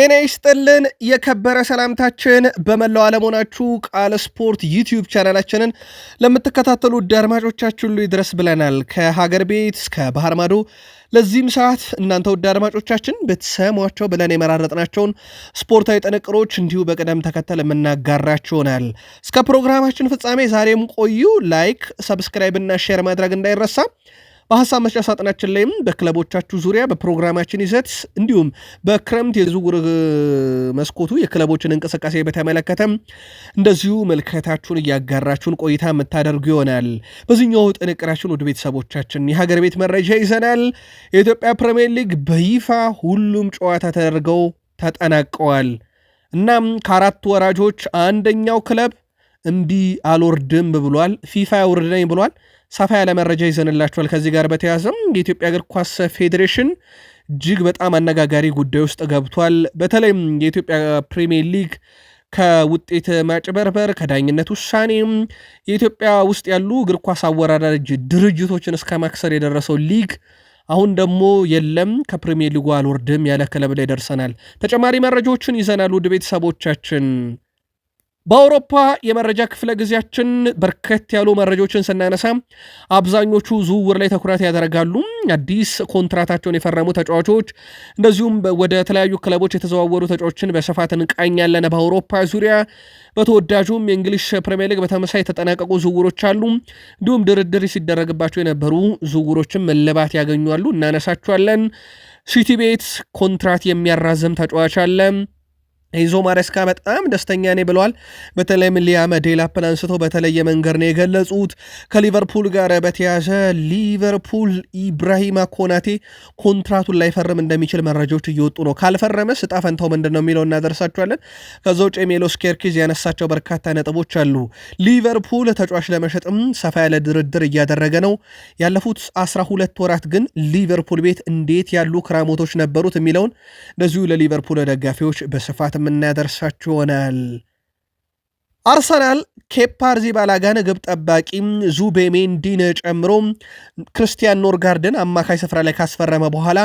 ጤና ይስጥልን የከበረ ሰላምታችን በመላው አለመሆናችሁ ሆናችሁ ቃል ስፖርት ዩቲዩብ ቻናላችንን ለምትከታተሉ ውድ አድማጮቻችን ሁሉ ይድረስ ብለናል። ከሀገር ቤት እስከ ባህር ማዶ ለዚህም ሰዓት እናንተ ውድ አድማጮቻችን ብትሰሟቸው ብለን የመራረጥናቸውን ስፖርታዊ ጥንቅሮች እንዲሁ በቅደም ተከተል የምናጋራችሁ ይሆናል። እስከ ፕሮግራማችን ፍጻሜ ዛሬም ቆዩ። ላይክ፣ ሰብስክራይብ እና ሼር ማድረግ እንዳይረሳ በሀሳብ መስጫ ሳጥናችን ላይም በክለቦቻችሁ ዙሪያ በፕሮግራማችን ይዘት እንዲሁም በክረምት የዝውውር መስኮቱ የክለቦችን እንቅስቃሴ በተመለከተ እንደዚሁ መልከታችሁን እያጋራችሁን ቆይታ የምታደርጉ ይሆናል። በዚኛው ጥንቅራችን ወደ ቤተሰቦቻችን የሀገር ቤት መረጃ ይዘናል። የኢትዮጵያ ፕሪምየር ሊግ በይፋ ሁሉም ጨዋታ ተደርገው ተጠናቀዋል። እናም ከአራት ወራጆች አንደኛው ክለብ እምቢ አልወርድም ብሏል። ፊፋ ያውርደኝ ብሏል። ሰፋ ያለ መረጃ ይዘንላችኋል። ከዚህ ጋር በተያያዘም የኢትዮጵያ እግር ኳስ ፌዴሬሽን እጅግ በጣም አነጋጋሪ ጉዳይ ውስጥ ገብቷል። በተለይም የኢትዮጵያ ፕሪሚየር ሊግ ከውጤት ማጭበርበር፣ ከዳኝነት ውሳኔም የኢትዮጵያ ውስጥ ያሉ እግር ኳስ አወራዳጅ ድርጅቶችን እስከ ማክሰር የደረሰው ሊግ አሁን ደግሞ የለም ከፕሪሚየር ሊጉ አልወርድም ያለ ክለብ ላይ ደርሰናል። ተጨማሪ መረጃዎችን ይዘናል። ውድ ቤተሰቦቻችን በአውሮፓ የመረጃ ክፍለ ጊዜያችን በርከት ያሉ መረጃዎችን ስናነሳ አብዛኞቹ ዝውውር ላይ ትኩረት ያደርጋሉ። አዲስ ኮንትራታቸውን የፈረሙ ተጫዋቾች፣ እንደዚሁም ወደ ተለያዩ ክለቦች የተዘዋወሩ ተጫዋቾችን በስፋት እንቃኛለን። በአውሮፓ ዙሪያ በተወዳጁም የእንግሊሽ ፕሪሚየር ሊግ በተመሳይ የተጠናቀቁ ዝውውሮች አሉ። እንዲሁም ድርድር ሲደረግባቸው የነበሩ ዝውውሮችን መለባት ያገኙሉ እናነሳቸዋለን። ሲቲ ቤት ኮንትራት የሚያራዘም ተጫዋች አለ። ኤንዞ ማሬስካ በጣም ደስተኛ ነኝ ብለዋል። በተለይም ሊያም ዴላፕን አንስተው በተለየ መንገድ ነው የገለጹት። ከሊቨርፑል ጋር በተያዘ ሊቨርፑል ኢብራሂማ ኮናቴ ኮንትራቱን ላይፈርም እንደሚችል መረጃዎች እየወጡ ነው። ካልፈረመስ እጣ ፈንታው ምንድን ነው የሚለው እናደርሳቸዋለን። ከዛ ውጭ ሜሎስ ኬርኪዝ ያነሳቸው በርካታ ነጥቦች አሉ። ሊቨርፑል ተጫዋች ለመሸጥም ሰፋ ያለ ድርድር እያደረገ ነው። ያለፉት 12 ወራት ግን ሊቨርፑል ቤት እንዴት ያሉ ክራሞቶች ነበሩት የሚለውን እንደዚሁ ለሊቨርፑል ደጋፊዎች በስፋት የምናደርሳችሁ ይሆናል። አርሰናል ኬፓ አሪዛባላጋን ግብ ጠባቂ ዙቤ ጨምሮ ክርስቲያን ኖርጋርድን አማካይ ስፍራ ላይ ካስፈረመ በኋላ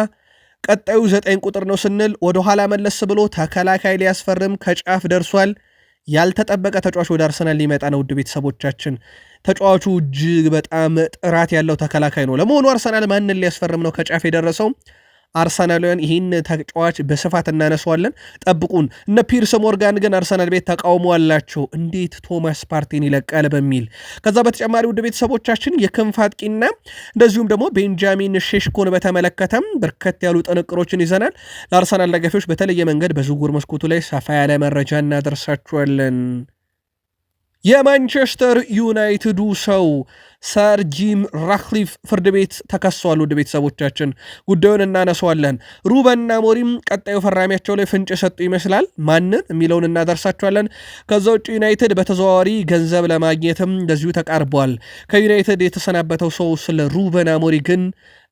ቀጣዩ ዘጠኝ ቁጥር ነው ስንል ወደኋላ መለስ ብሎ ተከላካይ ሊያስፈርም ከጫፍ ደርሷል። ያልተጠበቀ ተጫዋች ወደ አርሰናል ሊመጣ ነው። ውድ ቤተሰቦቻችን ተጫዋቹ እጅግ በጣም ጥራት ያለው ተከላካይ ነው። ለመሆኑ አርሰናል ማንን ሊያስፈርም ነው ከጫፍ የደረሰው? አርሰናልን ይህን ተጫዋች በስፋት እናነሷለን፣ ጠብቁን። እነ ፒርስ ሞርጋን ግን አርሰናል ቤት ተቃውሞ አላቸው፣ እንዴት ቶማስ ፓርቲን ይለቃል በሚል ከዛ በተጨማሪ ውድ ቤተሰቦቻችን የክንፍ አጥቂና እንደዚሁም ደግሞ ቤንጃሚን ሼሽኮን በተመለከተም በርከት ያሉ ጥንቅሮችን ይዘናል። ለአርሰናል ደጋፊዎች በተለየ መንገድ በዝውውር መስኮቱ ላይ ሰፋ ያለ መረጃ እናደርሳችኋለን። የማንቸስተር ዩናይትዱ ሰው ሰር ጂም ራክሊፍ ፍርድ ቤት ተከሷል። ወደ ቤተሰቦቻችን ጉዳዩን እናነሰዋለን። ሩበን አሞሪም ቀጣዩ ፈራሚያቸው ላይ ፍንጭ የሰጡ ይመስላል። ማንን የሚለውን እናደርሳቸዋለን። ከዛ ውጭ ዩናይትድ በተዘዋዋሪ ገንዘብ ለማግኘትም እንደዚሁ ተቃርቧል። ከዩናይትድ የተሰናበተው ሰው ስለ ሩበን አሞሪ ግን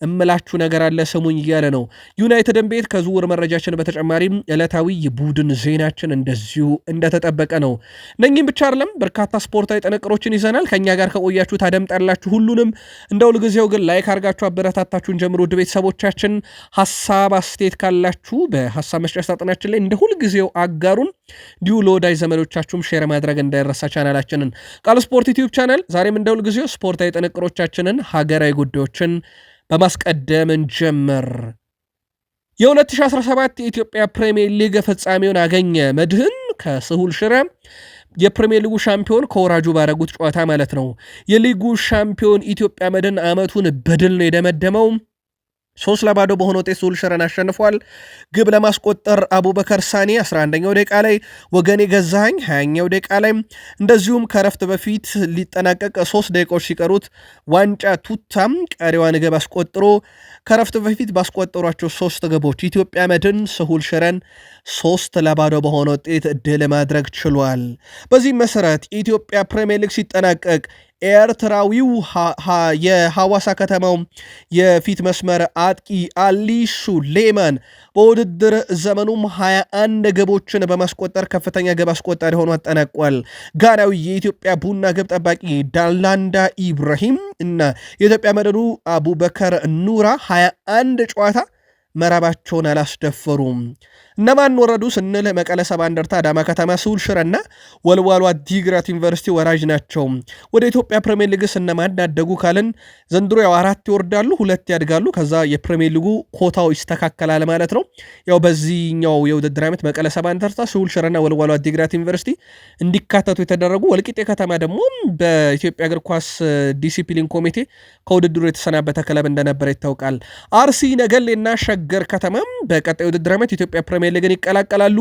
እምላችሁ ነገር አለ ስሙኝ እያለ ነው። ዩናይትድን ቤት ከዝውውር መረጃችን በተጨማሪም ዕለታዊ የቡድን ዜናችን እንደዚሁ እንደተጠበቀ ነው። እነኚህም ብቻ አይደለም በርካታ ስፖርታዊ ጥንቅሮችን ይዘናል። ከእኛ ጋር ከቆያችሁ ታደምጣላችሁ ሁሉንም። እንደ ሁልጊዜው ግን ላይክ አርጋችሁ አበረታታችሁን ጀምሮ ውድ ቤተሰቦቻችን ሀሳብ አስተያየት ካላችሁ በሀሳብ መስጫ ሳጥናችን ላይ እንደ ሁልጊዜው አጋሩን። እንዲሁ ለወዳጅ ዘመዶቻችሁም ሼር ማድረግ እንዳይረሳ ቻናላችንን ቃል ስፖርት ዩቲዩብ ቻናል ዛሬም እንደ ሁልጊዜው ስፖርታዊ ጥንቅሮቻችንን፣ ሀገራዊ ጉዳዮችን በማስቀደም እንጀምር። የ2017 የኢትዮጵያ ፕሪምየር ሊግ ፍጻሜውን አገኘ መድህን ከስሁል ሽረ የፕሪምየር ሊጉ ሻምፒዮን ከወራጁ ባረጉት ጨዋታ ማለት ነው። የሊጉ ሻምፒዮን ኢትዮጵያ መድን ዓመቱን በድል ነው የደመደመው። ሶስት ለባዶ በሆነ ውጤት ስሁል ሽረን አሸንፏል። ግብ ለማስቆጠር አቡበከር ሳኒ 11ኛው ደቂቃ ላይ፣ ወገኔ ገዛኝ 20ኛው ደቂቃ ላይ እንደዚሁም ከረፍት በፊት ሊጠናቀቅ ሶስት ደቂቃዎች ሲቀሩት ዋንጫ ቱታም ቀሪዋን ግብ አስቆጥሮ ከረፍት በፊት ባስቆጠሯቸው ሶስት ግቦች ኢትዮጵያ መድን ስሁል ሽረን ሶስት ለባዶ በሆነ ውጤት ድል ማድረግ ችሏል። በዚህም መሰረት ኢትዮጵያ ፕሪምየር ሊግ ሲጠናቀቅ ኤርትራዊው የሐዋሳ ከተማው የፊት መስመር አጥቂ አሊ ሌማን በውድድር ዘመኑም 21 ግቦችን በማስቆጠር ከፍተኛ ግብ አስቆጣሪ ሆኖ አጠናቋል። ጋናዊ የኢትዮጵያ ቡና ግብ ጠባቂ ዳላንዳ ኢብራሂም እና የኢትዮጵያ መደዱ አቡበከር ኑራ 21 ጨዋታ መረባቸውን አላስደፈሩም። እነማን ወረዱ ስንል መቀለ ሰባ እንደርታ፣ አዳማ ከተማ፣ ስውል ሽረና ወልዋሉ ዲግራት ዩኒቨርሲቲ ወራጅ ናቸው። ወደ ኢትዮጵያ ፕሪሚየር ሊግስ እነማን ዳደጉ ካልን ዘንድሮ ያው አራት ይወርዳሉ፣ ሁለት ያድጋሉ። ከዛ የፕሪሚየር ሊጉ ኮታው ይስተካከላል ማለት ነው። ያው በዚህኛው የውድድር ዓመት መቀለ ሰባ እንደርታ፣ ስውል ሽረና ወልዋሉ ዲግራት ዩኒቨርሲቲ እንዲካተቱ የተደረጉ ወልቂጤ ከተማ ደግሞ በኢትዮጵያ እግር ኳስ ዲሲፕሊን ኮሚቴ ከውድድሩ የተሰናበተ ክለብ እንደነበረ ይታወቃል። አርሲ ነገሌና ሸገር ከተማም በቀጣይ ውድድር ዓመት ኢትዮጵያ ፕሪሚየር ፕሪሚየር ሊግን ይቀላቀላሉ።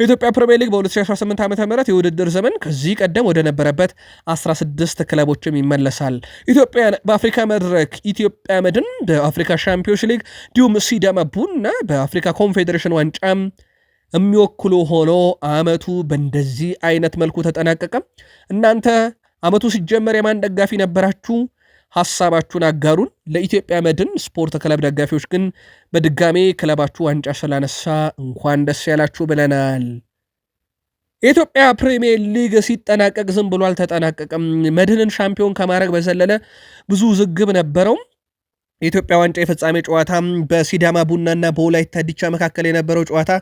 የኢትዮጵያ ፕሪሚየር ሊግ በ2018 ዓ ም የውድድር ዘመን ከዚህ ቀደም ወደ ነበረበት 16 ክለቦችም ይመለሳል። ኢትዮጵያን በአፍሪካ መድረክ ኢትዮጵያ መድን በአፍሪካ ሻምፒዮንስ ሊግ እንዲሁም ሲዳማ ቡና በአፍሪካ ኮንፌዴሬሽን ዋንጫ የሚወክሉ ሆኖ አመቱ በእንደዚህ አይነት መልኩ ተጠናቀቀ። እናንተ አመቱ ሲጀመር የማን ደጋፊ ነበራችሁ? ሀሳባችሁን አጋሩን። ለኢትዮጵያ መድን ስፖርት ክለብ ደጋፊዎች ግን በድጋሜ ክለባችሁ ዋንጫ ስላነሳ እንኳን ደስ ያላችሁ ብለናል። የኢትዮጵያ ፕሪምየር ሊግ ሲጠናቀቅ ዝም ብሎ አልተጠናቀቀም። መድንን ሻምፒዮን ከማድረግ በዘለለ ብዙ ውዝግብ ነበረው። የኢትዮጵያ ዋንጫ የፍጻሜ ጨዋታ በሲዳማ ቡናና በወላይታ ዲቻ መካከል የነበረው ጨዋታ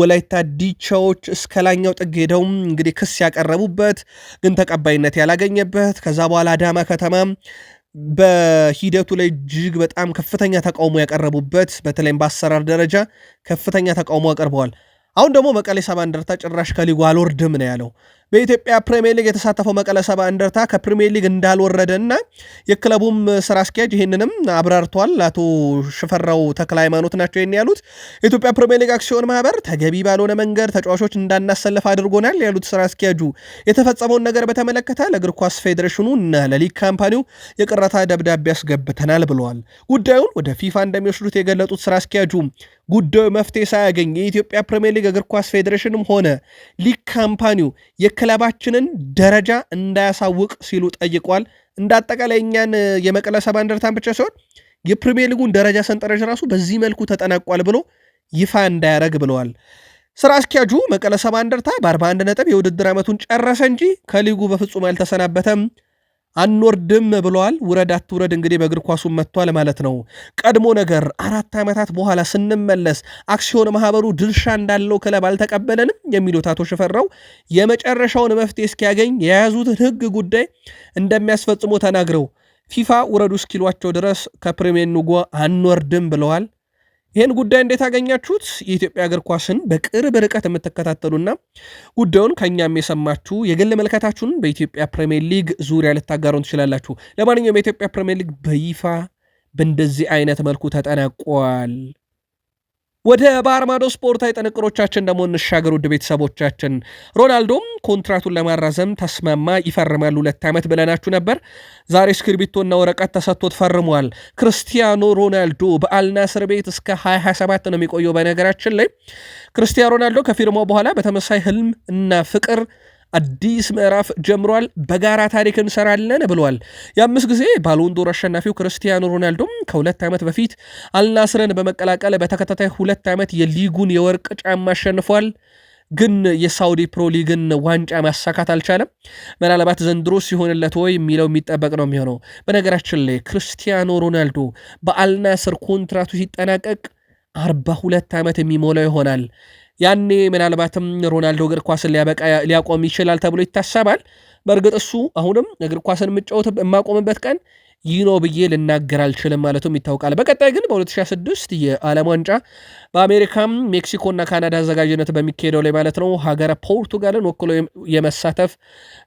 ወላይታ ዲቻዎች እስከ ላኛው ጥግ ሄደው እንግዲህ ክስ ያቀረቡበት ግን ተቀባይነት ያላገኘበት ከዛ በኋላ አዳማ ከተማ በሂደቱ ላይ እጅግ በጣም ከፍተኛ ተቃውሞ ያቀረቡበት በተለይም በአሰራር ደረጃ ከፍተኛ ተቃውሞ አቅርበዋል። አሁን ደግሞ መቀሌ ሰባ እንደርታ ጭራሽ ከሊጉ አልወርድም ነው ያለው። በኢትዮጵያ ፕሪሚየር ሊግ የተሳተፈው መቀለ ሰባ እንደርታ ከፕሪሚየር ሊግ እንዳልወረደና የክለቡም ስራ አስኪያጅ ይህንንም አብራርቷል። አቶ ሽፈራው ተክለ ሃይማኖት ናቸው ይህን ያሉት። የኢትዮጵያ ፕሪሚየር ሊግ አክሲዮን ማህበር ተገቢ ባልሆነ መንገድ ተጫዋቾች እንዳናሰልፍ አድርጎናል ያሉት ስራ አስኪያጁ የተፈጸመውን ነገር በተመለከተ ለእግር ኳስ ፌዴሬሽኑ እና ለሊግ ካምፓኒው የቅረታ ደብዳቤ አስገብተናል ብለዋል። ጉዳዩን ወደ ፊፋ እንደሚወስዱት የገለጡት ስራ አስኪያጁ ጉዳዩ መፍትሄ ሳያገኝ የኢትዮጵያ ፕሪምየር ሊግ እግር ኳስ ፌዴሬሽንም ሆነ ሊግ ካምፓኒው የክለባችንን ደረጃ እንዳያሳውቅ ሲሉ ጠይቋል። እንዳጠቃላይ አጠቃላይ እኛን የመቀለ ሰባ እንደርታን ብቻ ሲሆን የፕሪምየር ሊጉን ደረጃ ሰንጠረዥ ራሱ በዚህ መልኩ ተጠናቋል ብሎ ይፋ እንዳያረግ ብለዋል። ስራ አስኪያጁ መቀለ ሰባ እንደርታ በ41 ነጥብ የውድድር ዓመቱን ጨረሰ እንጂ ከሊጉ በፍጹም አልተሰናበተም። አንወርድም ብለዋል። ውረድ አትውረድ እንግዲህ በእግር ኳሱም መጥቷል ማለት ነው። ቀድሞ ነገር አራት ዓመታት በኋላ ስንመለስ አክሲዮን ማህበሩ ድርሻ እንዳለው ክለብ አልተቀበለንም የሚሉት አቶ ሽፈራው የመጨረሻውን መፍትሄ እስኪያገኝ የያዙትን ሕግ ጉዳይ እንደሚያስፈጽሙ ተናግረው ፊፋ ውረዱ እስኪሏቸው ድረስ ከፕሪሜር ሊጉ አንወርድም ብለዋል። ይህን ጉዳይ እንዴት አገኛችሁት? የኢትዮጵያ እግር ኳስን በቅርብ ርቀት የምትከታተሉና ጉዳዩን ከእኛም የሰማችሁ የግል መልከታችሁን በኢትዮጵያ ፕሪምየር ሊግ ዙሪያ ልታጋሩን ትችላላችሁ። ለማንኛውም የኢትዮጵያ ፕሪምየር ሊግ በይፋ በእንደዚህ አይነት መልኩ ተጠናቋል። ወደ ባህር ማዶ ስፖርታዊ ጥንቅሮቻችን ደግሞ እንሻገር። ውድ ቤተሰቦቻችን ሮናልዶም ኮንትራቱን ለማራዘም ተስማማ፣ ይፈርማል ሁለት ዓመት ብለናችሁ ነበር። ዛሬ እስክርቢቶና ወረቀት ተሰጥቶት ፈርሟል። ክርስቲያኖ ሮናልዶ በአልናስር ቤት እስከ 2027 ነው የሚቆየው። በነገራችን ላይ ክርስቲያኖ ሮናልዶ ከፊርማው በኋላ በተመሳይ ህልም እና ፍቅር አዲስ ምዕራፍ ጀምሯል፣ በጋራ ታሪክ እንሰራለን ብሏል የአምስት ጊዜ ባሎንዶር አሸናፊው ክርስቲያኖ ሮናልዶም ከሁለት ዓመት በፊት አልናስርን በመቀላቀል በተከታታይ ሁለት ዓመት የሊጉን የወርቅ ጫማ አሸንፏል። ግን የሳውዲ ፕሮ ሊግን ዋንጫ ማሳካት አልቻለም። ምናልባት ዘንድሮ ሲሆንለት ወይ የሚለው የሚጠበቅ ነው የሚሆነው። በነገራችን ላይ ክርስቲያኖ ሮናልዶ በአልናስር ኮንትራቱ ሲጠናቀቅ 42 ዓመት የሚሞላው ይሆናል። ያኔ ምናልባትም ሮናልዶ እግር ኳስን ሊያበቃ ሊያቆም ይችላል ተብሎ ይታሰባል። በእርግጥ እሱ አሁንም እግር ኳስን የምጫወት የማቆምበት ቀን ይህ ነው ብዬ ልናገር አልችልም ማለቱም ይታወቃል። በቀጣይ ግን በ2026 የዓለም ዋንጫ በአሜሪካም ሜክሲኮና ካናዳ አዘጋጅነት በሚካሄደው ላይ ማለት ነው ሀገረ ፖርቱጋልን ወክሎ የመሳተፍ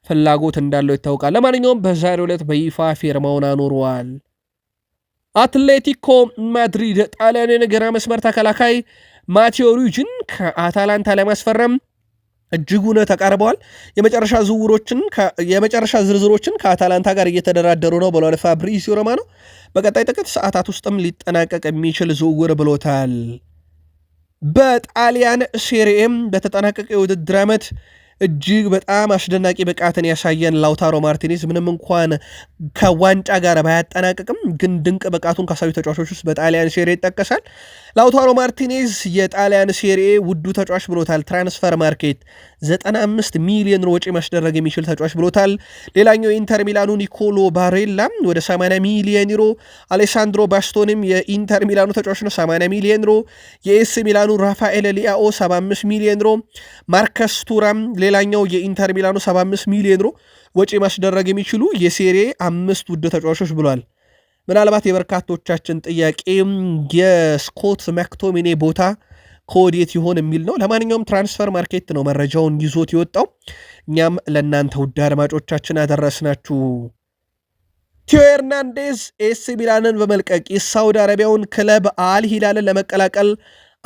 ፍላጎት እንዳለው ይታወቃል። ለማንኛውም በዛሬው ዕለት በይፋ ፊርማውን አኑረዋል። አትሌቲኮ ማድሪድ ጣሊያን ግራ መስመር ተከላካይ ማቴዎ ሩጅን ከአታላንታ ለማስፈረም እጅጉን ተቃርበዋል። የመጨረሻ ዝውውሮችን የመጨረሻ ዝርዝሮችን ከአታላንታ ጋር እየተደራደሩ ነው ብለዋል ፋብሪዚዮ ሮማኖ። በቀጣይ ጥቂት ሰዓታት ውስጥም ሊጠናቀቅ የሚችል ዝውውር ብሎታል። በጣሊያን ሴሪኤም በተጠናቀቀ የውድድር ዓመት እጅግ በጣም አስደናቂ ብቃትን ያሳየን ላውታሮ ማርቲኔዝ ምንም እንኳን ከዋንጫ ጋር ባያጠናቀቅም ግን ድንቅ ብቃቱን ካሳዩ ተጫዋቾች ውስጥ በጣሊያን ሴሪ ይጠቀሳል። ላውታሮ ማርቲኔዝ የጣሊያን ሴሪኤ ውዱ ተጫዋች ብሎታል። ትራንስፈር ማርኬት 95 ሚሊዮን ወጪ ማስደረግ የሚችል ተጫዋች ብሎታል። ሌላኛው የኢንተር ሚላኑ ኒኮሎ ባሬላም ወደ 80 ሚሊዮን ዩሮ፣ አሌሳንድሮ ባስቶንም የኢንተር ሚላኑ ተጫዋች ነው 80 ሚሊዮን ዩሮ፣ የኤስ ሚላኑ ራፋኤል ሊያኦ 75 ሚሊዮን ዩሮ፣ ማርከስ ቱራም ሌላኛው የኢንተር ሚላኑ 75 ሚሊዮን ዩሮ ወጪ ማስደረግ የሚችሉ የሴሪኤ አምስት ውድ ተጫዋቾች ብሏል። ምናልባት የበርካቶቻችን ጥያቄ የስኮት ማክቶሚኔ ቦታ ከወዴት ይሆን የሚል ነው። ለማንኛውም ትራንስፈር ማርኬት ነው መረጃውን ይዞት የወጣው። እኛም ለእናንተ ውድ አድማጮቻችን ያደረስናችሁ ቲዮ ኤርናንዴዝ ኤሲ ሚላንን በመልቀቅ የሳውዲ አረቢያውን ክለብ አልሂላልን ለመቀላቀል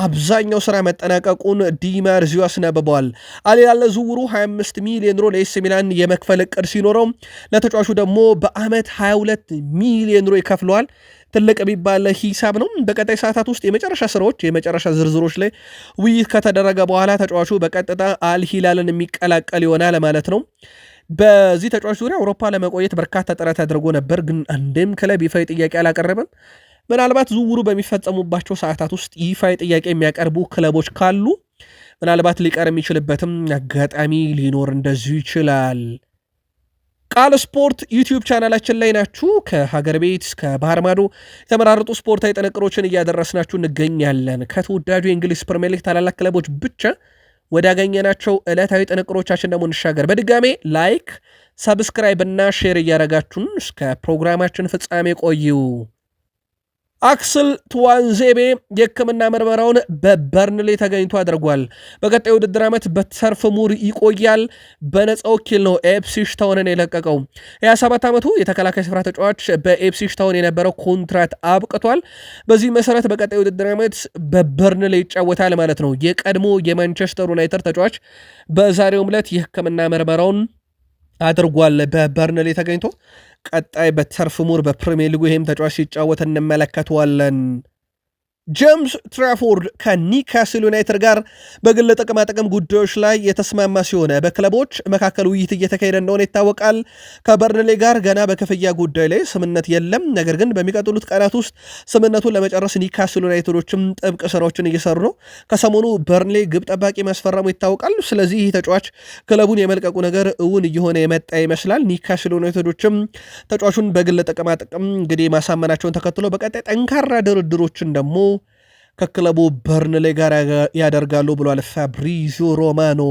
አብዛኛው ስራ መጠናቀቁን ዲማርዚዮ አስነብበዋል። አልሂላል ለዝውውሩ 25 ሚሊዮን ዩሮ ለኤስ ሚላን የመክፈል እቅድ ሲኖረው ለተጫዋቹ ደግሞ በአመት 22 ሚሊዮን ዩሮ ይከፍለዋል። ትልቅ የሚባል ሂሳብ ነው። በቀጣይ ሰዓታት ውስጥ የመጨረሻ ስራዎች የመጨረሻ ዝርዝሮች ላይ ውይይት ከተደረገ በኋላ ተጫዋቹ በቀጥታ አልሂላልን የሚቀላቀል ይሆናል ማለት ነው። በዚህ ተጫዋች ዙሪያ አውሮፓ ለመቆየት በርካታ ጥረት አድርጎ ነበር፣ ግን አንድም ክለብ ይፋዊ ጥያቄ አላቀረበም። ምናልባት ዝውውሩ በሚፈጸሙባቸው ሰዓታት ውስጥ ይፋዊ ጥያቄ የሚያቀርቡ ክለቦች ካሉ ምናልባት ሊቀር የሚችልበትም አጋጣሚ ሊኖር እንደዚሁ ይችላል። ቃል ስፖርት ዩቲዩብ ቻናላችን ላይ ናችሁ። ከሀገር ቤት እስከ ባህር ማዶ የተመራረጡ ስፖርታዊ ጥንቅሮችን እያደረስናችሁ እንገኛለን። ከተወዳጁ የእንግሊዝ ፕሪምየር ሊግ ታላላቅ ክለቦች ብቻ ወዳገኘናቸው ዕለታዊ ጥንቅሮቻችን ደግሞ እንሻገር። በድጋሜ ላይክ፣ ሰብስክራይብ እና ሼር እያረጋችሁን እስከ ፕሮግራማችን ፍጻሜ ቆዩ። አክስል ትዋንዜቤ የሕክምና ምርመራውን በበርንሌ ተገኝቶ አድርጓል። በቀጣይ ውድድር ዓመት በተርፍ ሙር ይቆያል። በነፃ ወኪል ነው ኤፕሲሽ ታውንን የለቀቀው። የ27 ዓመቱ የተከላካይ ስፍራ ተጫዋች በኤፕሲሽ ታውን የነበረው ኮንትራት አብቅቷል። በዚህ መሰረት በቀጣይ ውድድር ዓመት በበርንሌ ይጫወታል ማለት ነው። የቀድሞ የማንቸስተር ዩናይትድ ተጫዋች በዛሬው ዕለት የሕክምና ምርመራውን አድርጓል። በበርንሌ ተገኝቶ ቀጣይ በተርፍ ሙር በፕሪሚየር ሊጉ ይህም ተጫዋች ሲጫወት እንመለከተዋለን። ጄምስ ትራፎርድ ከኒካስል ዩናይትድ ጋር በግል ጥቅማጥቅም ጉዳዮች ላይ የተስማማ ሲሆን በክለቦች መካከል ውይይት እየተካሄደ እንደሆነ ይታወቃል። ከበርንሌ ጋር ገና በክፍያ ጉዳይ ላይ ስምነት የለም። ነገር ግን በሚቀጥሉት ቀናት ውስጥ ስምነቱን ለመጨረስ ኒካስል ዩናይትዶችም ጥብቅ ስራዎችን እየሰሩ ነው። ከሰሞኑ በርንሌ ግብ ጠባቂ ማስፈረሙ ይታወቃል። ስለዚህ ይህ ተጫዋች ክለቡን የመልቀቁ ነገር እውን እየሆነ የመጣ ይመስላል። ኒካስል ዩናይትዶችም ተጫዋቹን በግል ጥቅማጥቅም እንግዲህ ማሳመናቸውን ተከትሎ በቀጣይ ጠንካራ ድርድሮችን ደግሞ ከክለቡ በርንሌ ጋር ያደርጋሉ ብሏል ፋብሪዞ ሮማኖ።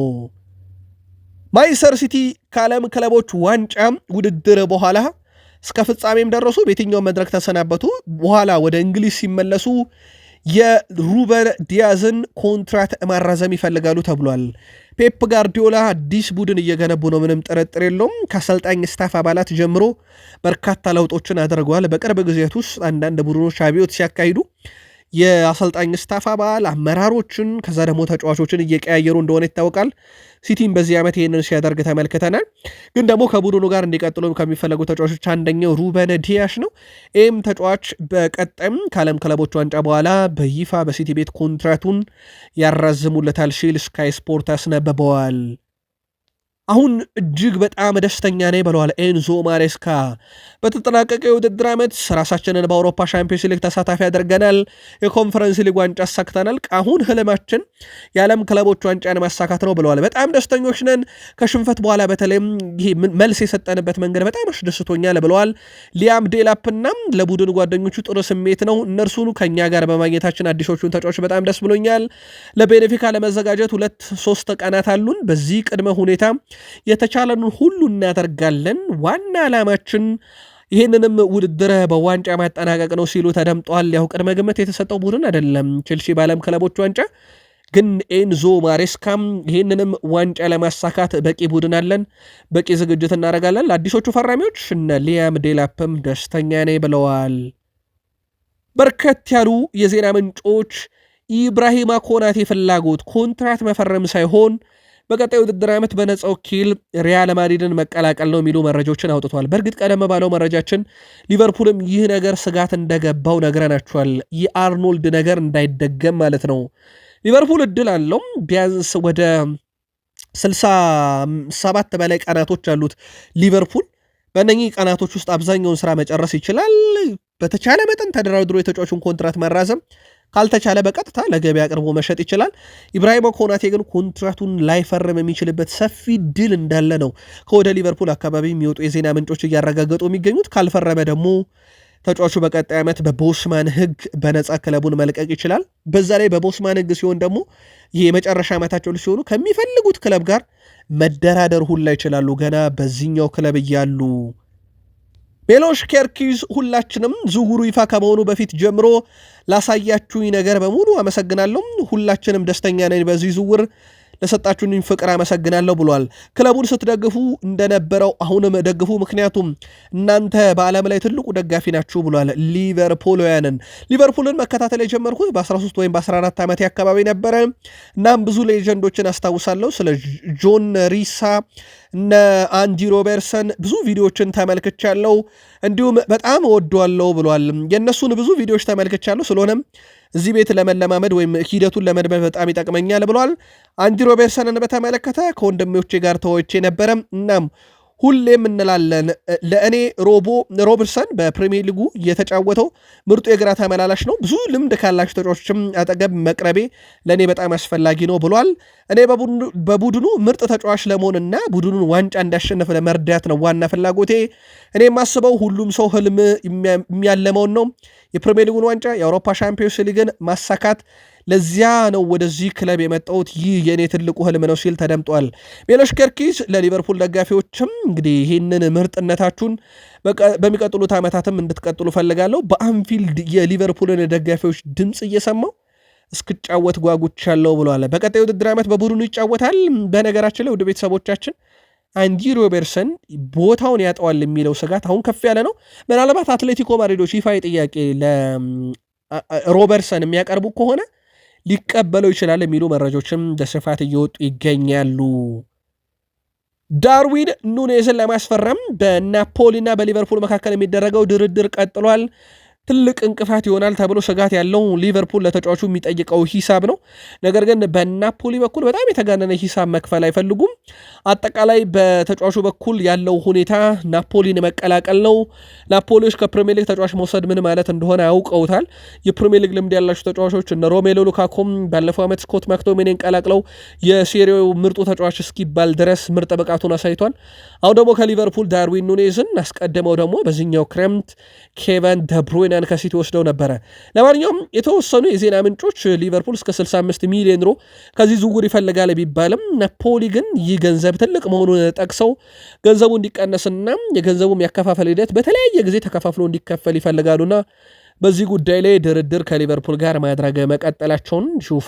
ማይሰር ሲቲ ከዓለም ክለቦች ዋንጫ ውድድር በኋላ እስከ ፍጻሜም ደረሱ። በየትኛው መድረክ ተሰናበቱ። በኋላ ወደ እንግሊዝ ሲመለሱ የሩበን ዲያዝን ኮንትራት ማራዘም ይፈልጋሉ ተብሏል። ፔፕ ጋርዲዮላ አዲስ ቡድን እየገነቡ ነው፣ ምንም ጥርጥር የለውም። ከአሰልጣኝ ስታፍ አባላት ጀምሮ በርካታ ለውጦችን አድርገዋል። በቅርብ ጊዜያት ውስጥ አንዳንድ ቡድኖች አብዮት ሲያካሂዱ የአሰልጣኝ ስታፍ አባል አመራሮችን፣ ከዛ ደግሞ ተጫዋቾችን እየቀያየሩ እንደሆነ ይታወቃል። ሲቲም በዚህ ዓመት ይህንን ሲያደርግ ተመልክተናል። ግን ደግሞ ከቡድኑ ጋር እንዲቀጥሉ ከሚፈለጉ ተጫዋቾች አንደኛው ሩበን ዲያሽ ነው። ይህም ተጫዋች በቀጣይም ከዓለም ክለቦች ዋንጫ በኋላ በይፋ በሲቲ ቤት ኮንትራቱን ያራዝሙለታል ሲል ስካይ ስፖርት አስነብበዋል። አሁን እጅግ በጣም ደስተኛ ነኝ ብለዋል ኤንዞ ማሬስካ። በተጠናቀቀ የውድድር ዓመት ራሳችንን በአውሮፓ ሻምፒዮንስ ሊግ ተሳታፊ አድርገናል። የኮንፈረንስ ሊግ ዋንጫ አሳክተናል። አሁን ህልማችን የዓለም ክለቦች ዋንጫን ማሳካት ነው ብለዋል። በጣም ደስተኞች ነን። ከሽንፈት በኋላ በተለይም ይህ መልስ የሰጠንበት መንገድ በጣም አስደስቶኛል ብለዋል። ሊያም ዴላፕና ለቡድን ጓደኞቹ ጥሩ ስሜት ነው። እነርሱን ከእኛ ጋር በማግኘታችን አዲሶቹን ተጫዋች በጣም ደስ ብሎኛል። ለቤኔፊካ ለመዘጋጀት ሁለት ሶስት ቀናት አሉን። በዚህ ቅድመ ሁኔታ የተቻለንን ሁሉ እናደርጋለን። ዋና ዓላማችን ይህንንም ውድድር በዋንጫ ማጠናቀቅ ነው ሲሉ ተደምጧል። ያው ቅድመ ግምት የተሰጠው ቡድን አይደለም ቼልሲ በዓለም ክለቦች ዋንጫ ግን ኤንዞ ማሬስካም ይህንንም ዋንጫ ለማሳካት በቂ ቡድን አለን፣ በቂ ዝግጅት እናደርጋለን። ለአዲሶቹ ፈራሚዎች እነ ሊያም ዴላፕም ደስተኛ ነኝ ብለዋል። በርከት ያሉ የዜና ምንጮች ኢብራሂማ ኮናቴ ፍላጎት ኮንትራት መፈረም ሳይሆን በቀጣይ ውድድር ዓመት በነፃ ወኪል ሪያል ማድሪድን መቀላቀል ነው የሚሉ መረጃዎችን አውጥተዋል። በእርግጥ ቀደም ባለው መረጃችን ሊቨርፑልም ይህ ነገር ስጋት እንደገባው ነግረናቸዋል። የአርኖልድ ነገር እንዳይደገም ማለት ነው። ሊቨርፑል እድል አለው ቢያንስ ወደ 67 በላይ ቀናቶች አሉት ሊቨርፑል በእነኚህ ቀናቶች ውስጥ አብዛኛውን ስራ መጨረስ ይችላል። በተቻለ መጠን ተደራድሮ የተጫዋቹን ኮንትራት መራዘም ካልተቻለ በቀጥታ ለገበያ አቅርቦ መሸጥ ይችላል። ኢብራሂሞ ኮናቴ ግን ኮንትራቱን ላይፈርም የሚችልበት ሰፊ ድል እንዳለ ነው ከወደ ሊቨርፑል አካባቢ የሚወጡ የዜና ምንጮች እያረጋገጡ የሚገኙት። ካልፈረመ ደግሞ ተጫዋቹ በቀጣይ ዓመት በቦስማን ሕግ በነፃ ክለቡን መልቀቅ ይችላል። በዛ ላይ በቦስማን ሕግ ሲሆን ደግሞ የመጨረሻ ዓመታቸው ሲሆኑ ከሚፈልጉት ክለብ ጋር መደራደር ሁላ ይችላሉ ገና በዚህኛው ክለብ እያሉ ሜሎሽ ኬርኪዝ ሁላችንም ዝውውሩ ይፋ ከመሆኑ በፊት ጀምሮ ላሳያችሁኝ ነገር በሙሉ አመሰግናለሁ። ሁላችንም ደስተኛ ነን በዚህ ዝውውር ለሰጣችሁኝ ፍቅር አመሰግናለሁ ብሏል። ክለቡን ስትደግፉ እንደነበረው አሁንም ደግፉ፣ ምክንያቱም እናንተ በዓለም ላይ ትልቁ ደጋፊ ናችሁ ብሏል። ሊቨርፑልውያንን ሊቨርፑልን መከታተል የጀመርኩት በ13 ወይም በ14 ዓመት አካባቢ ነበረ። እናም ብዙ ሌጀንዶችን አስታውሳለሁ። ስለ ጆን ሪሳ እነ አንዲ ሮበርሰን ብዙ ቪዲዮዎችን ተመልክቻለሁ፣ እንዲሁም በጣም እወደዋለሁ ብሏል። የእነሱን ብዙ ቪዲዮዎች ተመልክቻለሁ ስለሆነም እዚህ ቤት ለመለማመድ ወይም ሂደቱን ለመድመድ በጣም ይጠቅመኛል ብሏል። አንዲ ሮቤርሰንን በተመለከተ ከወንድሞቼ ጋር ተወያይቼ ነበረም እናም ሁሌም እንላለን። ለእኔ ሮቦ ሮብርሰን በፕሪሚየር ሊጉ የተጫወተው ምርጡ የግራ ተመላላሽ ነው። ብዙ ልምድ ካላቸው ተጫዋቾችም አጠገብ መቅረቤ ለእኔ በጣም አስፈላጊ ነው ብሏል። እኔ በቡድኑ ምርጥ ተጫዋች ለመሆንና ቡድኑን ዋንጫ እንዳሸነፍ ለመርዳት ነው ዋና ፍላጎቴ። እኔ የማስበው ሁሉም ሰው ህልም የሚያለመውን ነው፣ የፕሪሚየር ሊጉን ዋንጫ፣ የአውሮፓ ሻምፒዮንስ ሊግን ማሳካት ለዚያ ነው ወደዚህ ክለብ የመጣሁት። ይህ የእኔ ትልቁ ህልም ነው ሲል ተደምጧል። ቤሎሽ ለሊቨርፑል ደጋፊዎችም እንግዲህ ይህንን ምርጥነታችሁን በሚቀጥሉት ዓመታትም እንድትቀጥሉ ፈልጋለሁ። በአንፊልድ የሊቨርፑልን ደጋፊዎች ድምፅ እየሰማው እስክጫወት ያለው ብሏል በቀጣይ ውድድር ዓመት በቡድኑ ይጫወታል። በነገራችን ላይ ውድ ቤተሰቦቻችን አንዲ ሮቤርሰን ቦታውን ያጠዋል የሚለው ስጋት አሁን ከፍ ያለ ነው። ምናልባት አትሌቲኮ ማድሪዶች ይፋ ጥያቄ ለሮበርሰን የሚያቀርቡ ከሆነ ሊቀበለው ይችላል የሚሉ መረጃዎችም በስፋት እየወጡ ይገኛሉ። ዳርዊን ኑኔዝን ለማስፈረም በናፖሊና በሊቨርፑል መካከል የሚደረገው ድርድር ቀጥሏል። ትልቅ እንቅፋት ይሆናል ተብሎ ስጋት ያለው ሊቨርፑል ለተጫዋቹ የሚጠይቀው ሂሳብ ነው። ነገር ግን በናፖሊ በኩል በጣም የተጋነነ ሂሳብ መክፈል አይፈልጉም። አጠቃላይ በተጫዋቹ በኩል ያለው ሁኔታ ናፖሊን መቀላቀል ነው። ናፖሊዎች ከፕሪሚየር ሊግ ተጫዋች መውሰድ ምን ማለት እንደሆነ ያውቀውታል። የፕሪሚየር ሊግ ልምድ ያላቸው ተጫዋቾች እነ ሮሜሎ ሉካኮም ባለፈው ዓመት ስኮት ማክቶሚኔን ቀላቅለው የሴሪው ምርጡ ተጫዋች እስኪባል ድረስ ምርጥ ብቃቱን አሳይቷል። አሁን ደግሞ ከሊቨርፑል ዳርዊን ኑኔዝን አስቀድመው ደግሞ በዚኛው ክረምት ኬቨን ደብሩይነ ፍልሚያን ከሲቲ ወስደው ነበረ። ለማንኛውም የተወሰኑ የዜና ምንጮች ሊቨርፑል እስከ 65 ሚሊዮን ዩሮ ከዚህ ዝውውር ይፈልጋል ቢባልም ናፖሊ ግን ይህ ገንዘብ ትልቅ መሆኑን ጠቅሰው ገንዘቡ እንዲቀነስና የገንዘቡም ያከፋፈል ሂደት በተለያየ ጊዜ ተከፋፍሎ እንዲከፈል ይፈልጋሉና በዚህ ጉዳይ ላይ ድርድር ከሊቨርፑል ጋር ማድረግ መቀጠላቸውን ሹ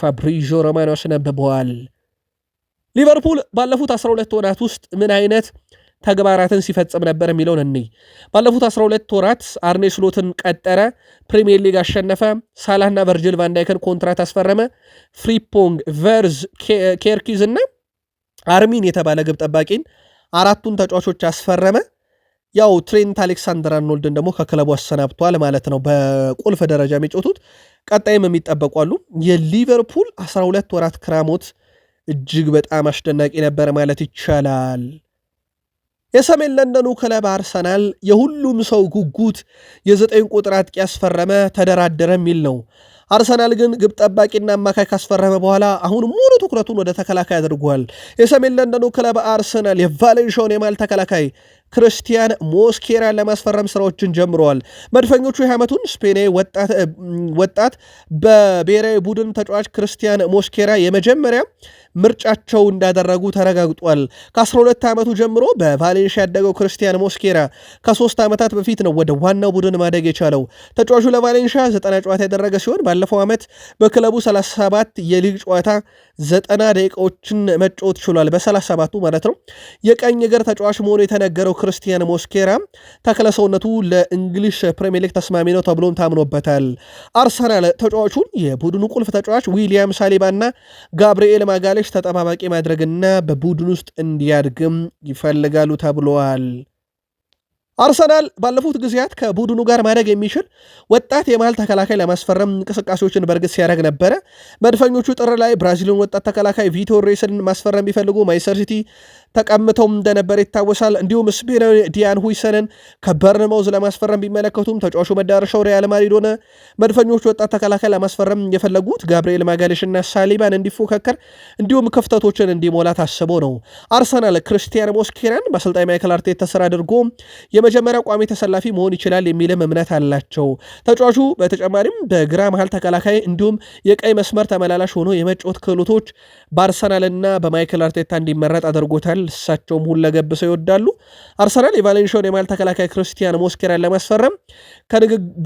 ሮማኖ አስነብበዋል። ሊቨርፑል ባለፉት 12 ወራት ውስጥ ምን አይነት ተግባራትን ሲፈጽም ነበር የሚለውን እንይ። ባለፉት 12 ወራት አርኔ ስሎትን ቀጠረ፣ ፕሪምየር ሊግ አሸነፈ፣ ሳላህና ቨርጅል ቫንዳይከን ኮንትራት አስፈረመ። ፍሪፖንግ፣ ቨርዝ፣ ኬርኪዝ እና አርሚን የተባለ ግብ ጠባቂን አራቱን ተጫዋቾች አስፈረመ። ያው ትሬንት አሌክሳንደር አርኖልድን ደግሞ ከክለቡ አሰናብቷል ማለት ነው። በቁልፍ ደረጃ የሚጮቱት ቀጣይም የሚጠበቁ አሉ። የሊቨርፑል 12 ወራት ክራሞት እጅግ በጣም አስደናቂ ነበር ማለት ይቻላል። የሰሜን ለንደኑ ክለብ አርሰናል የሁሉም ሰው ጉጉት የዘጠኝ ቁጥር አጥቂ ያስፈረመ ተደራደረ የሚል ነው። አርሰናል ግን ግብ ጠባቂና አማካይ ካስፈረመ በኋላ አሁን ሙሉ ትኩረቱን ወደ ተከላካይ አድርጓል። የሰሜን ለንደኑ ክለብ አርሰናል የቫሌንሺያውን የማል ተከላካይ ክርስቲያን ሞስኬራን ለማስፈረም ስራዎችን ጀምረዋል። መድፈኞቹ የሃያ ዓመቱን ስፔኔ ወጣት በብሔራዊ ቡድን ተጫዋች ክርስቲያን ሞስኬራ የመጀመሪያ ምርጫቸው እንዳደረጉ ተረጋግጧል። ከ12 ዓመቱ ጀምሮ በቫሌንሺያ ያደገው ክርስቲያን ሞስኬራ ከሶስት ዓመታት በፊት ነው ወደ ዋናው ቡድን ማደግ የቻለው። ተጫዋቹ ለቫሌንሻ 90 ጨዋታ ያደረገ ሲሆን ባለፈው ዓመት በክለቡ 37 የሊግ ጨዋታ 90 ደቂቃዎችን መጫወት ችሏል። በ37ቱ ማለት ነው። የቀኝ እግር ተጫዋች መሆኑ የተነገረው ክርስቲያን ሞስኬራ ተክለ ሰውነቱ ለእንግሊሽ ፕሪሚየር ሊግ ተስማሚ ነው ተብሎም ታምኖበታል። አርሰናል ተጫዋቹን የቡድኑ ቁልፍ ተጫዋች ዊሊያም ሳሊባና ጋብርኤል ማጋሌ ተጫዋች ተጠባባቂ ማድረግና በቡድን ውስጥ እንዲያድግም ይፈልጋሉ ተብለዋል። አርሰናል ባለፉት ጊዜያት ከቡድኑ ጋር ማደግ የሚችል ወጣት የመሃል ተከላካይ ለማስፈረም እንቅስቃሴዎችን በእርግጥ ሲያደርግ ነበረ። መድፈኞቹ ጥር ላይ ብራዚልን ወጣት ተከላካይ ቪቶር ሬስን ማስፈረም ቢፈልጉ ማንቸስተር ሲቲ ተቀምተውም እንደነበር ይታወሳል። እንዲሁም ስፔናዊ ዲያን ሁይሰንን ከበርንመውዝ ለማስፈረም ቢመለከቱም ተጫዋቹ መዳረሻው ሪያል ማድሪድ ሆነ። መድፈኞች ወጣት ተከላካይ ለማስፈረም የፈለጉት ጋብርኤል ማጋሌሽና ሳሊባን እንዲፎከከር እንዲሁም ክፍተቶችን እንዲሞላ ታስቦ ነው። አርሰናል ክርስቲያን ሞስኬራን በአሰልጣኝ ማይክል አርቴታ ስር አድርጎ የመጀመሪያ ቋሚ ተሰላፊ መሆን ይችላል የሚልም እምነት አላቸው። ተጫዋቹ በተጨማሪም በግራ መሃል ተከላካይ እንዲሁም የቀይ መስመር ተመላላሽ ሆኖ የመጫወት ክህሎቶች በአርሰናልና በማይክል አርቴታ እንዲመረጥ አድርጎታል። ይመስለኛል። እሳቸውም ሁለገብ ሰው ይወዳሉ። አርሰናል የቫሌንሽን የማል ተከላካይ ክርስቲያን ሞስኬራን ለማስፈረም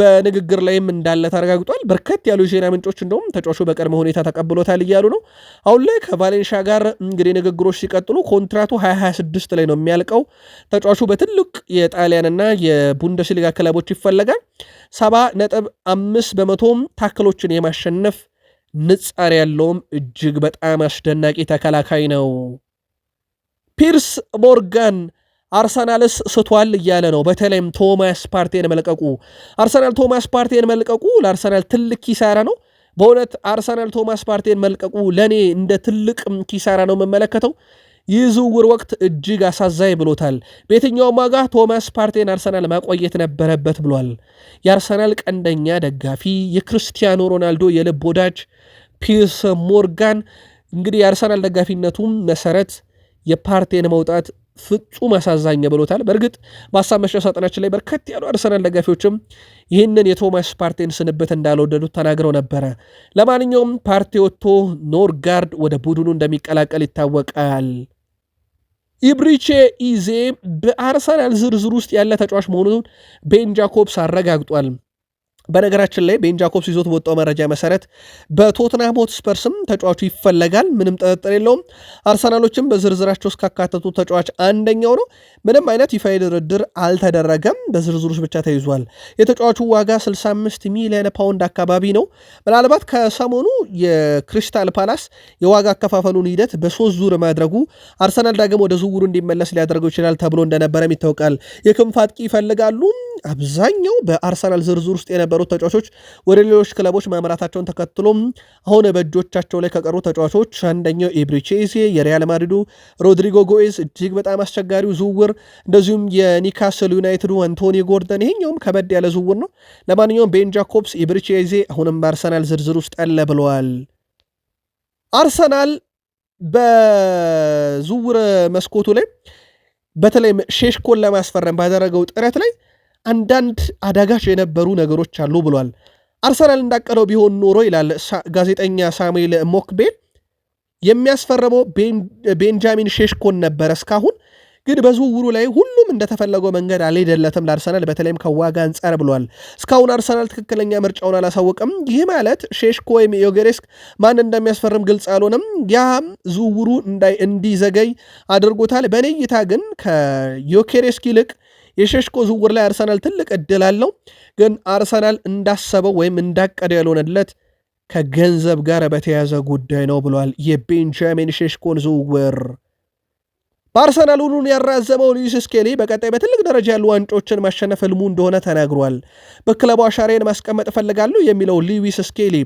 በንግግር ላይም እንዳለ ተረጋግጧል። በርከት ያሉ የዜና ምንጮች እንደውም ተጫዋቹ በቅድመ ሁኔታ ተቀብሎታል እያሉ ነው። አሁን ላይ ከቫሌንሻ ጋር እንግዲህ ንግግሮች ሲቀጥሉ ኮንትራቱ 2026 ላይ ነው የሚያልቀው። ተጫዋቹ በትልቅ የጣሊያንና የቡንደስሊጋ ክለቦች ይፈለጋል። ሰባ ነጥብ አምስት በመቶም ታክሎችን የማሸነፍ ንጻር ያለውም እጅግ በጣም አስደናቂ ተከላካይ ነው። ፒርስ ሞርጋን አርሰናልስ ስቷል እያለ ነው። በተለይም ቶማስ ፓርቴን መልቀቁ አርሰናል ቶማስ ፓርቴን መልቀቁ ለአርሰናል ትልቅ ኪሳራ ነው። በእውነት አርሰናል ቶማስ ፓርቴን መልቀቁ ለእኔ እንደ ትልቅ ኪሳራ ነው የምመለከተው። ይህ ዝውውር ወቅት እጅግ አሳዛኝ ብሎታል። በየትኛውም ዋጋ ቶማስ ፓርቴን አርሰናል ማቆየት ነበረበት ብሏል። የአርሰናል ቀንደኛ ደጋፊ የክርስቲያኖ ሮናልዶ የልብ ወዳጅ ፒርስ ሞርጋን እንግዲህ የአርሰናል ደጋፊነቱም መሰረት የፓርቴን መውጣት ፍጹም አሳዛኝ ብሎታል። በእርግጥ በሀሳብ መስጫ ሳጥናችን ላይ በርከት ያሉ አርሰናል ደጋፊዎችም ይህንን የቶማስ ፓርቴን ስንብት እንዳልወደዱት ተናግረው ነበረ። ለማንኛውም ፓርቴ ወጥቶ ኖርጋርድ ወደ ቡድኑ እንደሚቀላቀል ይታወቃል። ኢብሪቼ ኢዜ በአርሰናል ዝርዝር ውስጥ ያለ ተጫዋች መሆኑን ቤን ጃኮብስ አረጋግጧል። በነገራችን ላይ ቤን ጃኮብስ ይዞት በወጣው መረጃ መሰረት በቶትናም ሆትስፐርስም ተጫዋቹ ይፈለጋል፣ ምንም ጥርጥር የለውም። አርሰናሎችም በዝርዝራቸው ውስጥ ካካተቱ ተጫዋች አንደኛው ነው። ምንም አይነት ይፋዊ ድርድር አልተደረገም፣ በዝርዝሮች ብቻ ተይዟል። የተጫዋቹ ዋጋ 65 ሚሊዮን ፓውንድ አካባቢ ነው። ምናልባት ከሰሞኑ የክሪስታል ፓላስ የዋጋ አከፋፈሉን ሂደት በሶስት ዙር ማድረጉ አርሰናል ዳግም ወደ ዝውውሩ እንዲመለስ ሊያደርገው ይችላል ተብሎ እንደነበረም ይታወቃል። የክንፍ አጥቂ ይፈልጋሉ አብዛኛው በአርሰናል ዝርዝር ውስጥ የነበሩት ተጫዋቾች ወደ ሌሎች ክለቦች ማምራታቸውን ተከትሎ አሁን በእጆቻቸው ላይ ከቀሩ ተጫዋቾች አንደኛው ኢብሪቼዜ የሪያል ማድሪዱ ሮድሪጎ ጎኤዝ እጅግ በጣም አስቸጋሪው ዝውውር፣ እንደዚሁም የኒካስል ዩናይትዱ አንቶኒ ጎርደን ይሄኛውም ከበድ ያለ ዝውውር ነው። ለማንኛውም ቤን ጃኮብስ ኢብሪቼዜ አሁንም በአርሰናል ዝርዝር ውስጥ አለ ብለዋል። አርሰናል በዝውውር መስኮቱ ላይ በተለይ ሼሽኮን ለማስፈረም ባደረገው ጥረት ላይ አንዳንድ አዳጋች የነበሩ ነገሮች አሉ ብሏል። አርሰናል እንዳቀደው ቢሆን ኖሮ ይላል ጋዜጠኛ ሳሙኤል ሞክቤል የሚያስፈርመው ቤንጃሚን ሼሽኮን ነበረ። እስካሁን ግን በዝውውሩ ላይ ሁሉም እንደተፈለገው መንገድ አልሄደለትም ለአርሰናል በተለይም ከዋጋ አንጻር ብሏል። እስካሁን አርሰናል ትክክለኛ ምርጫውን አላሳወቅም። ይህ ማለት ሼሽኮ ወይም ዮጌሬስክ ማን እንደሚያስፈርም ግልጽ አልሆነም። ያም ዝውውሩ እንዲዘገይ አድርጎታል። በእኔ እይታ ግን ከዮኬሬስክ ይልቅ የሸሽኮ ዝውውር ላይ አርሰናል ትልቅ እድል አለው። ግን አርሰናል እንዳሰበው ወይም እንዳቀደው ያልሆነለት ከገንዘብ ጋር በተያያዘ ጉዳይ ነው ብሏል። የቤንጃሚን ሼሽኮን ዝውውር በአርሰናል ሁሉን ያራዘመው ሉዊስ ስኬሊ በቀጣይ በትልቅ ደረጃ ያሉ ዋንጮችን ማሸነፍ ህልሙ እንደሆነ ተናግሯል። በክለቡ አሻሬን ማስቀመጥ እፈልጋለሁ የሚለው ሉዊስ ስኬሊ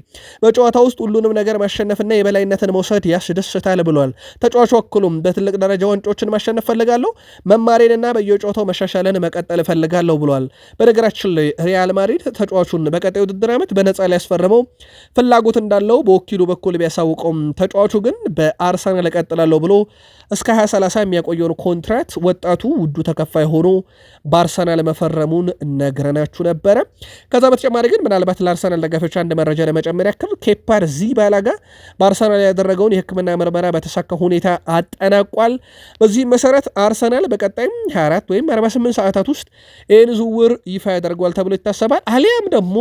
በጨዋታ ውስጥ ሁሉንም ነገር ማሸነፍና የበላይነትን መውሰድ ያስደስታል ብሏል። ተጫዋቹ አክሎም በትልቅ ደረጃ ዋንጮችን ማሸነፍ እፈልጋለሁ፣ መማሬንና በየጨዋታው መሻሻልን መቀጠል እፈልጋለሁ ብሏል። በነገራችን ላይ ሪያል ማድሪድ ተጫዋቹን በቀጣይ ውድድር ዓመት በነፃ ሊያስፈርመው ፍላጎት እንዳለው በወኪሉ በኩል ቢያሳውቀውም ተጫዋቹ ግን በአርሰናል እቀጥላለሁ ብሎ እስከ 2030 የሚያቆየውን ኮንትራት ወጣቱ ውዱ ተከፋይ ሆኖ በአርሰናል መፈረሙን ነግረናችሁ ነበረ። ከዛ በተጨማሪ ግን ምናልባት ለአርሰናል ደጋፊዎች አንድ መረጃ ለመጨመር ያክል ኬፓር ዚባላጋ በአርሰናል ያደረገውን የሕክምና ምርመራ በተሳካ ሁኔታ አጠናቋል። በዚህም መሰረት አርሰናል በቀጣይም 24 ወይም 48 ሰዓታት ውስጥ ይህን ዝውውር ይፋ ያደርገዋል ተብሎ ይታሰባል። አሊያም ደግሞ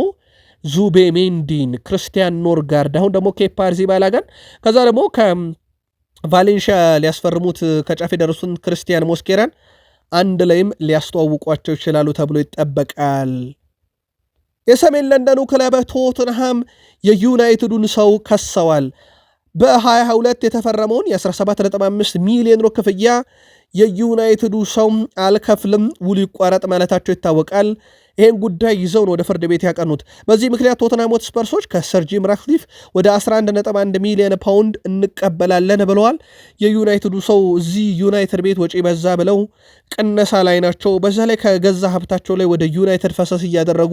ዙቤሜንዲን፣ ክርስቲያን ኖርጋርድ አሁን ደግሞ ኬፓር ዚባላጋን ከዛ ደግሞ ቫሌንሺያ ሊያስፈርሙት ከጫፍ የደረሱን ክርስቲያን ሞስኬራን አንድ ላይም ሊያስተዋውቋቸው ይችላሉ ተብሎ ይጠበቃል። የሰሜን ለንደኑ ክለብ ቶትንሃም የዩናይትዱን ሰው ከሰዋል። በ22 የተፈረመውን የ17.5 ሚሊዮን ሮ ክፍያ የዩናይትዱ ሰው አልከፍልም ውሉ ይቋረጥ ማለታቸው ይታወቃል። ይህን ጉዳይ ይዘው ነው ወደ ፍርድ ቤት ያቀኑት። በዚህ ምክንያት ቶተንሃም ሆትስፐርሶች ከሰር ጂም ራትክሊፍ ወደ 11.1 ሚሊዮን ፓውንድ እንቀበላለን ብለዋል። የዩናይትዱ ሰው እዚህ ዩናይትድ ቤት ወጪ በዛ ብለው ቅነሳ ላይ ናቸው። በዛ ላይ ከገዛ ሀብታቸው ላይ ወደ ዩናይትድ ፈሰስ እያደረጉ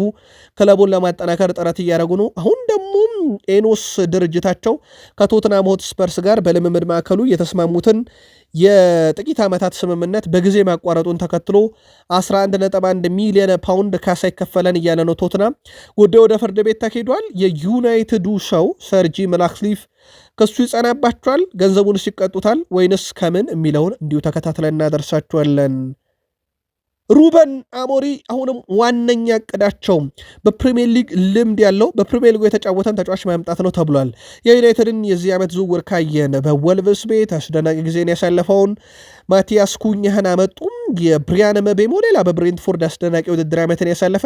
ክለቡን ለማጠናከር ጥረት እያደረጉ ነው። አሁን ደግሞ ኤኖስ ድርጅታቸው ከቶተንሃም ሆትስፐርስ ጋር በልምምድ ማዕከሉ የተስማሙትን የጥቂት ዓመታት የመግባባት ስምምነት በጊዜ ማቋረጡን ተከትሎ 11.1 ሚሊዮን ፓውንድ ካሳ ይከፈለን እያለ ነው ቶትናም። ጉዳዩ ወደ ፍርድ ቤት ተሄዷል። የዩናይትዱ ሰው ሰርጂ ጂም ከሱ ይጸናባቸዋል፣ ገንዘቡንስ ይቀጡታል ወይንስ ከምን የሚለውን እንዲሁ ተከታትለን እናደርሳቸዋለን። ሩበን አሞሪ አሁንም ዋነኛ እቅዳቸው በፕሪሚየር ሊግ ልምድ ያለው በፕሪሚየር ሊጉ የተጫወተን ተጫዋች ማምጣት ነው ተብሏል። የዩናይትድን የዚህ ዓመት ዝውውር ካየን በወልቭስ ቤት አስደናቂ ጊዜን ያሳለፈውን ማቲያስ ኩኛህን አመጡም። የብሪያን መቤሞ ሌላ በብሬንትፎርድ አስደናቂ ውድድር ዓመትን ያሳለፈ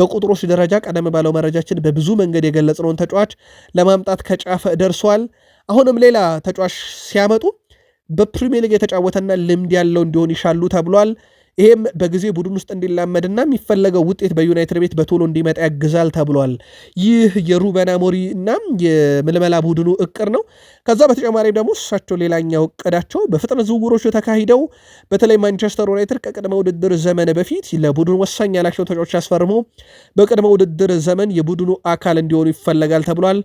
በቁጥሮች ደረጃ ቀደም ባለው መረጃችን በብዙ መንገድ የገለጽነውን ተጫዋች ለማምጣት ከጫፈ ደርሷል። አሁንም ሌላ ተጫዋች ሲያመጡ በፕሪሚየር ሊግ የተጫወተና ልምድ ያለው እንዲሆን ይሻሉ ተብሏል። ይህም በጊዜ ቡድን ውስጥ እንዲላመድና የሚፈለገው ውጤት በዩናይትድ ቤት በቶሎ እንዲመጣ ያግዛል ተብሏል። ይህ የሩበን አሞሪ እና የምልመላ ቡድኑ እቅድ ነው። ከዛ በተጨማሪ ደግሞ እሳቸው ሌላኛው እቅዳቸው በፍጥነት ዝውውሮች ተካሂደው በተለይ ማንቸስተር ዩናይትድ ከቅድመ ውድድር ዘመን በፊት ለቡድኑ ወሳኝ ያላቸው ተጫዋቾች አስፈርሞ በቅድመ ውድድር ዘመን የቡድኑ አካል እንዲሆኑ ይፈለጋል ተብሏል።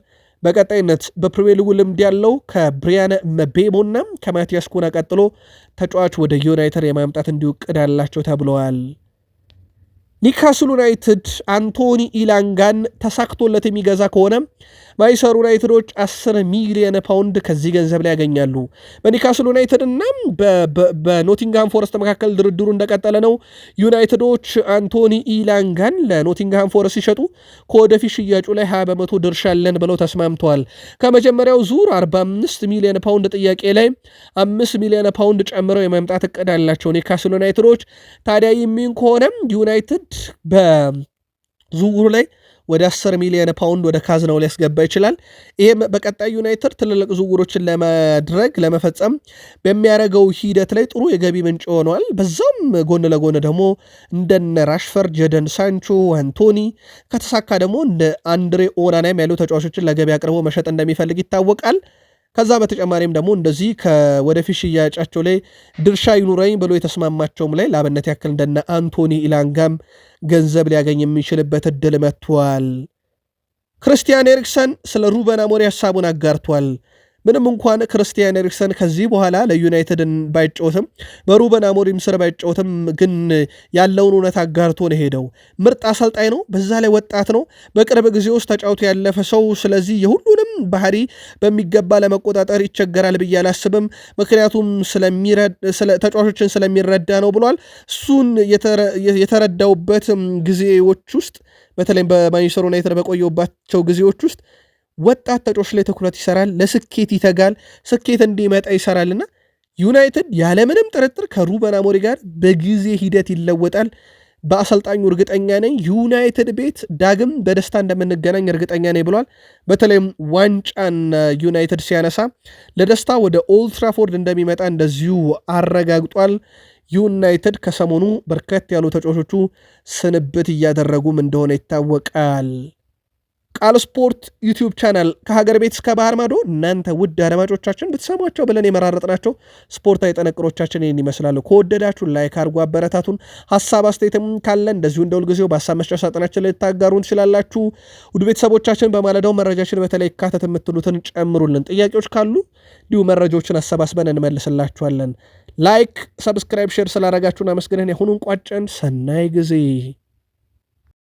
በቀጣይነት በፕሪሚየር ሊጉ ልምድ ያለው ከብሪያነ መቤሞና ከማቲያስ ኩና ቀጥሎ ተጫዋች ወደ ዩናይትድ የማምጣት እንዲሁ እቅድ አላቸው ተብለዋል። ኒካስል ዩናይትድ አንቶኒ ኢላንጋን ተሳክቶለት የሚገዛ ከሆነ ማይሰር ዩናይትዶች 10 ሚሊዮን ፓውንድ ከዚህ ገንዘብ ላይ ያገኛሉ። በኒካስል ዩናይትድ እናም በኖቲንግሃም ፎረስት መካከል ድርድሩ እንደቀጠለ ነው። ዩናይትዶች አንቶኒ ኢላንጋን ለኖቲንግሃም ፎረስት ሲሸጡ ከወደፊት ሽያጩ ላይ 20 በመቶ ድርሻ አለን ብለው ተስማምተዋል። ከመጀመሪያው ዙር 45 ሚሊዮን ፓውንድ ጥያቄ ላይ 5 ሚሊዮን ፓውንድ ጨምረው የመምጣት እቅድ አላቸው ኒካስል ዩናይትዶች። ታዲያ የሚን ከሆነም ዩናይትድ በዝውውሩ ላይ ወደ 10 ሚሊዮን ፓውንድ ወደ ካዝናው ሊያስገባ ይችላል። ይህም በቀጣይ ዩናይትድ ትልልቅ ዝውውሮችን ለማድረግ ለመፈጸም በሚያደርገው ሂደት ላይ ጥሩ የገቢ ምንጭ ሆነዋል። በዛም ጎን ለጎን ደግሞ እንደነ ራሽፈርድ፣ ጀደን ሳንቾ፣ አንቶኒ ከተሳካ ደግሞ እንደ አንድሬ ኦናናም ያሉ ተጫዋቾችን ለገቢ አቅርቦ መሸጥ እንደሚፈልግ ይታወቃል። ከዛ በተጨማሪም ደግሞ እንደዚህ ከወደፊት ሽያጫቸው ላይ ድርሻ ይኑረኝ ብሎ የተስማማቸውም ላይ ለአብነት ያክል እንደነ አንቶኒ ኢላንጋም ገንዘብ ሊያገኝ የሚችልበት እድል መጥቷል። ክርስቲያን ኤሪክሰን ስለ ሩበን አሞሪ ሀሳቡን አጋርቷል። ምንም እንኳን ክርስቲያን ኤሪክሰን ከዚህ በኋላ ለዩናይትድ ባይጫወትም በሩበን አሞሪም ስር ባይጫወትም ግን ያለውን እውነት አጋርቶ ነው ሄደው። ምርጥ አሰልጣኝ ነው፣ በዛ ላይ ወጣት ነው፣ በቅርብ ጊዜ ውስጥ ተጫውቶ ያለፈ ሰው። ስለዚህ የሁሉንም ባህሪ በሚገባ ለመቆጣጠር ይቸገራል ብዬ አላስብም፣ ምክንያቱም ተጫዋቾችን ስለሚረዳ ነው ብሏል። እሱን የተረዳውበት ጊዜዎች ውስጥ በተለይም በማንቸስተር ዩናይትድ በቆየውባቸው ጊዜዎች ውስጥ ወጣት ተጮች ላይ ትኩረት ይሰራል፣ ለስኬት ይተጋል፣ ስኬት እንዲመጣ ይሰራልና ዩናይትድ ያለምንም ጥርጥር ከሩበን አሞሪ ጋር በጊዜ ሂደት ይለወጣል። በአሰልጣኙ እርግጠኛ ነኝ። ዩናይትድ ቤት ዳግም በደስታ እንደምንገናኝ እርግጠኛ ነኝ ብሏል። በተለይም ዋንጫን ዩናይትድ ሲያነሳ ለደስታ ወደ ኦልትራፎርድ እንደሚመጣ እንደዚሁ አረጋግጧል። ዩናይትድ ከሰሞኑ በርከት ያሉ ተጫዋቾቹ ስንብት እያደረጉም እንደሆነ ይታወቃል። ቃል ስፖርት ዩቲዩብ ቻናል ከሀገር ቤት እስከ ባህር ማዶ እናንተ ውድ አድማጮቻችን ብትሰሟቸው ብለን የመራረጥናቸው ስፖርታዊ ጥንቅሮቻችን ይህን ይመስላሉ። ከወደዳችሁ ላይክ አድርጉ፣ አበረታቱን። ሀሳብ አስተያየትም ካለ እንደዚሁ እንደ ሁልጊዜው በሀሳብ መስጫ ሳጥናችን ልታጋሩን ትችላላችሁ። ውድ ቤተሰቦቻችን በማለዳው መረጃችን በተለይ ካተት የምትሉትን ጨምሩልን። ጥያቄዎች ካሉ እንዲሁ መረጃዎችን አሰባስበን እንመልስላችኋለን። ላይክ፣ ሰብስክራይብ፣ ሼር ስላረጋችሁን አመስግነን የሁኑን ቋጨን። ሰናይ ጊዜ